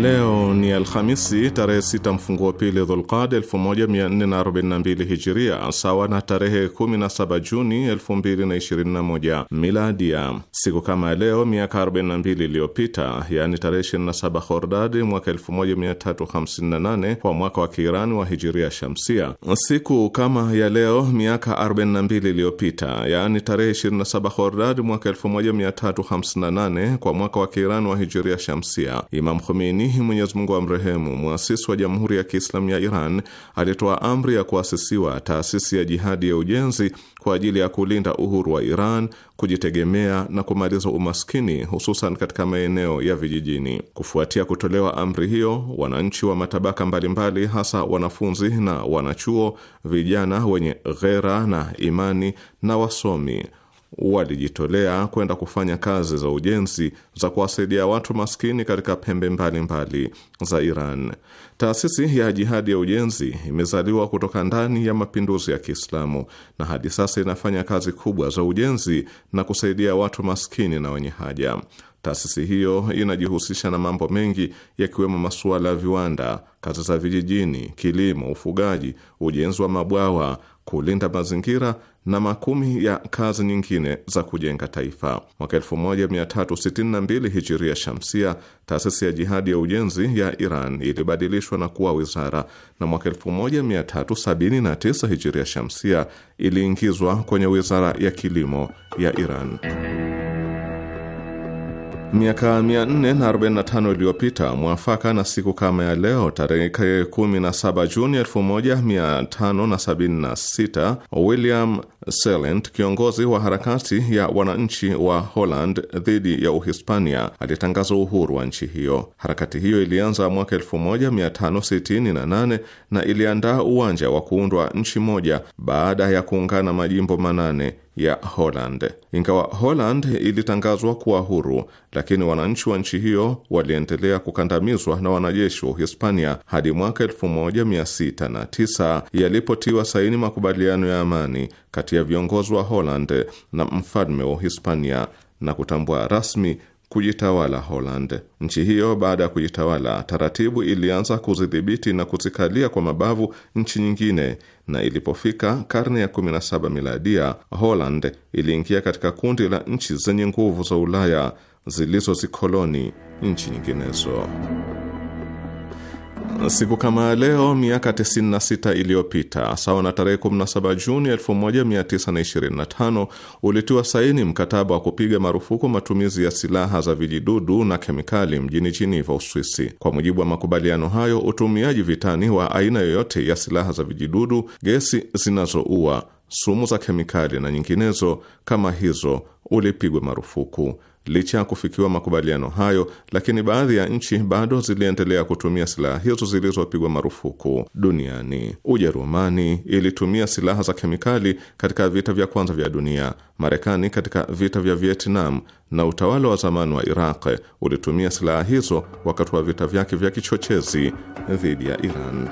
Leo ni Alhamisi tarehe 6 mfunguo pili Dhulqad 1442 Hijiria, sawa na tarehe 17 Juni 2021 Miladia. Siku kama leo miaka 42 iliyopita, yani tarehe 27 Hordadi mwaka 1358 kwa mwaka wa Kiirani wa Hijiria Shamsia, siku kama ya leo miaka 42 iliyopita, yaani tarehe 27 Hordadi mwaka 1358 kwa mwaka wa Kiirani wa Hijiria Shamsia, Imam Khomeini Khomeini, Mwenyezi Mungu amrehemu, mwasisi wa Jamhuri ya Kiislamu ya Iran, alitoa amri ya kuasisiwa taasisi ya jihadi ya ujenzi kwa ajili ya kulinda uhuru wa Iran, kujitegemea na kumaliza umaskini, hususan katika maeneo ya vijijini. Kufuatia kutolewa amri hiyo, wananchi wa matabaka mbalimbali, hasa wanafunzi na wanachuo, vijana wenye ghera na imani na wasomi walijitolea kwenda kufanya kazi za ujenzi za kuwasaidia watu maskini katika pembe mbalimbali mbali za Iran. Taasisi ya Jihadi ya Ujenzi imezaliwa kutoka ndani ya mapinduzi ya Kiislamu na hadi sasa inafanya kazi kubwa za ujenzi na kusaidia watu maskini na wenye haja. Taasisi hiyo inajihusisha na mambo mengi yakiwemo masuala ya viwanda, kazi za vijijini, kilimo, ufugaji, ujenzi wa mabwawa kulinda mazingira na makumi ya kazi nyingine za kujenga taifa. Mwaka 1362 hijiria shamsia, taasisi ya jihadi ya ujenzi ya Iran ilibadilishwa na kuwa wizara, na mwaka 1379 hijiria shamsia iliingizwa kwenye wizara ya kilimo ya Iran. Miaka 445 iliyopita mwafaka na siku kama ya leo tarehe 17 Juni 1576, William Selent, kiongozi wa harakati ya wananchi wa Holland dhidi ya Uhispania, alitangaza uhuru wa nchi hiyo. Harakati hiyo ilianza mwaka 1568 na, na iliandaa uwanja wa kuundwa nchi moja baada ya kuungana majimbo manane ya Holland. Ingawa Holland ilitangazwa kuwa huru, lakini wananchi wa nchi hiyo waliendelea kukandamizwa na wanajeshi wa Uhispania hadi mwaka 1609 yalipotiwa saini makubaliano ya amani kati kati ya viongozi wa Holland na mfalme wa Uhispania na kutambua rasmi kujitawala Holland. Nchi hiyo baada ya kujitawala taratibu ilianza kuzidhibiti na kuzikalia kwa mabavu nchi nyingine, na ilipofika karne ya 17 miladia, Holland iliingia katika kundi la nchi zenye nguvu za Ulaya zilizozikoloni nchi nyinginezo. Siku kama leo miaka 96 iliyopita, sawa na tarehe 17 Juni 1925, ulitiwa saini mkataba wa kupiga marufuku matumizi ya silaha za vijidudu na kemikali mjini Jiniva, Uswisi. Kwa mujibu wa makubaliano hayo, utumiaji vitani wa aina yoyote ya silaha za vijidudu, gesi zinazoua, sumu za kemikali na nyinginezo kama hizo ulipigwa marufuku. Licha ya kufikiwa makubaliano hayo, lakini baadhi ya nchi bado ziliendelea kutumia silaha hizo zilizopigwa marufuku duniani. Ujerumani ilitumia silaha za kemikali katika vita vya kwanza vya dunia, Marekani katika vita vya Vietnam, na utawala wa zamani wa Iraq ulitumia silaha hizo wakati wa vita vyake vya kichochezi dhidi ya Iran.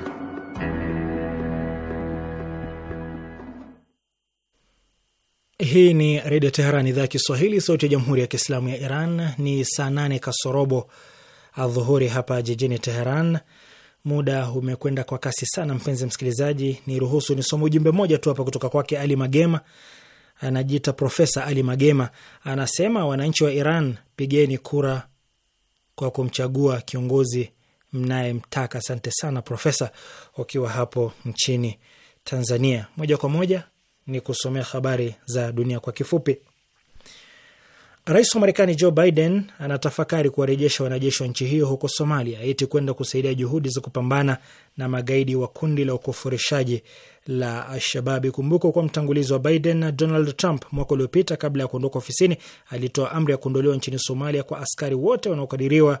Hii ni Redio Teheran, idhaa ya Kiswahili, sauti ya Jamhuri ya Kiislamu ya Iran. Ni saa nane kasorobo adhuhuri hapa jijini Teheran. Muda umekwenda kwa kasi sana, mpenzi msikilizaji, ni ruhusu nisome ujumbe mmoja tu hapa kutoka kwake Ali Magema. Anajiita Profesa Ali Magema, anasema wananchi wa Iran, pigeni kura kwa kumchagua kiongozi mnayemtaka. Asante sana Profesa, ukiwa hapo nchini Tanzania. Moja kwa moja ni kusomea habari za dunia kwa kifupi. Rais wa Marekani Joe Biden anatafakari kuwarejesha wanajeshi wa nchi hiyo huko Somalia iti kwenda kusaidia juhudi za kupambana na magaidi wa kundi la ukufurishaji la Alshabab. Ikumbukwa kwa mtangulizi wa Biden, Donald Trump, mwaka uliopita, kabla ya kuondoka ofisini, alitoa amri ya kuondolewa nchini Somalia kwa askari wote wanaokadiriwa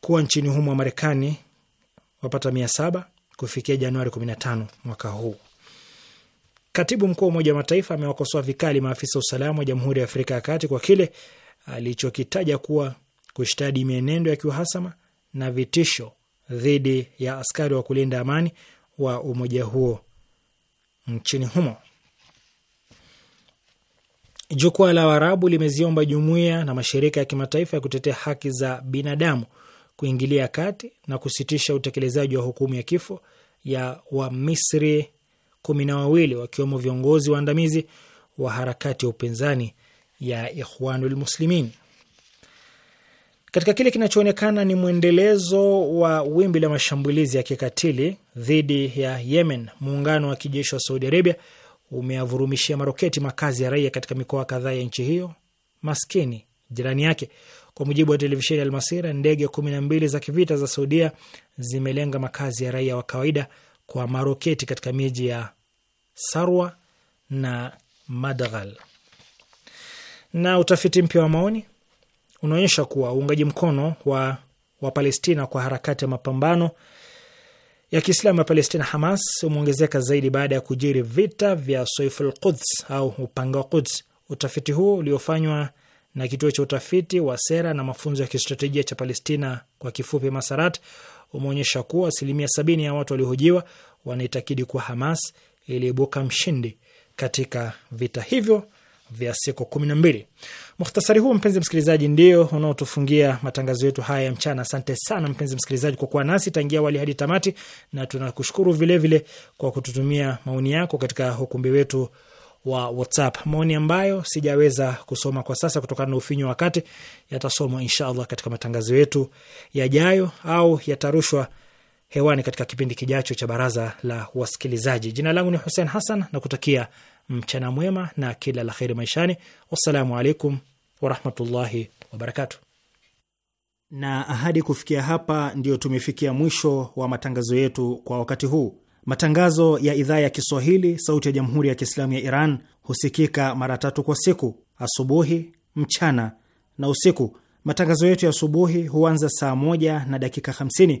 kuwa nchini humo wa Marekani wapata mia saba kufikia Januari 15 mwaka huu. Katibu mkuu wa Umoja wa Mataifa amewakosoa vikali maafisa usalama wa Jamhuri ya Afrika ya Kati kwa kile alichokitaja kuwa kushtadi mienendo ya kiuhasama na vitisho dhidi ya askari wa kulinda amani wa umoja huo nchini humo. Jukwaa la Waarabu limeziomba jumuiya na mashirika ya kimataifa ya kutetea haki za binadamu kuingilia kati na kusitisha utekelezaji wa hukumu ya kifo ya Wamisri kumi na wawili wakiwemo viongozi waandamizi wa harakati ya upinzani ya Ikhwanul Muslimin. Katika kile kinachoonekana ni mwendelezo wa wimbi la mashambulizi ya kikatili dhidi ya Yemen, muungano wa kijeshi wa Saudi Arabia umeavurumishia maroketi makazi ya raia katika mikoa kadhaa ya nchi hiyo maskini jirani yake. Kwa mujibu wa televisheni ya Almasira, ndege kumi na mbili za kivita za Saudia zimelenga makazi ya raia wa kawaida kwa maroketi katika miji ya Sarwa na Madaghal. Na utafiti mpya wa maoni unaonyesha kuwa uungaji mkono wa Wapalestina kwa harakati ya mapambano ya Kiislamu ya Palestina, Hamas, umeongezeka zaidi baada ya kujiri vita vya Soiful Quds au upanga wa Quds. Utafiti huo uliofanywa na kituo cha utafiti wa sera na mafunzo ya kistratejia cha Palestina kwa kifupi Masarat umeonyesha kuwa asilimia sabini ya watu waliohojiwa wanaitakidi kuwa Hamas iliibuka mshindi katika vita hivyo vya siku kumi na mbili. Mukhtasari huu mpenzi msikilizaji, ndio unaotufungia matangazo yetu haya ya mchana. Asante sana mpenzi msikilizaji kwa kuwa nasi tangia wali hadi tamati, na tunakushukuru vilevile kwa kututumia maoni yako katika ukumbi wetu wa WhatsApp, maoni ambayo sijaweza kusoma kwa sasa kutokana na ufinyu wa wakati yatasomwa insha katika matangazo yetu yajayo au yatarushwa hewani katika kipindi kijacho cha baraza la wasikilizaji. Jina langu ni Hussein Hassan na kutakia mchana mwema na kila la kheri maishani. Wassalamu alaikum warahmatullahi wabarakatu. Na ahadi kufikia hapa, ndiyo tumefikia mwisho wa matangazo yetu kwa wakati huu. Matangazo ya idhaa ya Kiswahili sauti ya jamhuri ya Kiislamu ya Iran husikika mara tatu kwa siku: asubuhi, mchana na usiku. Matangazo yetu ya asubuhi huanza saa moja na dakika 50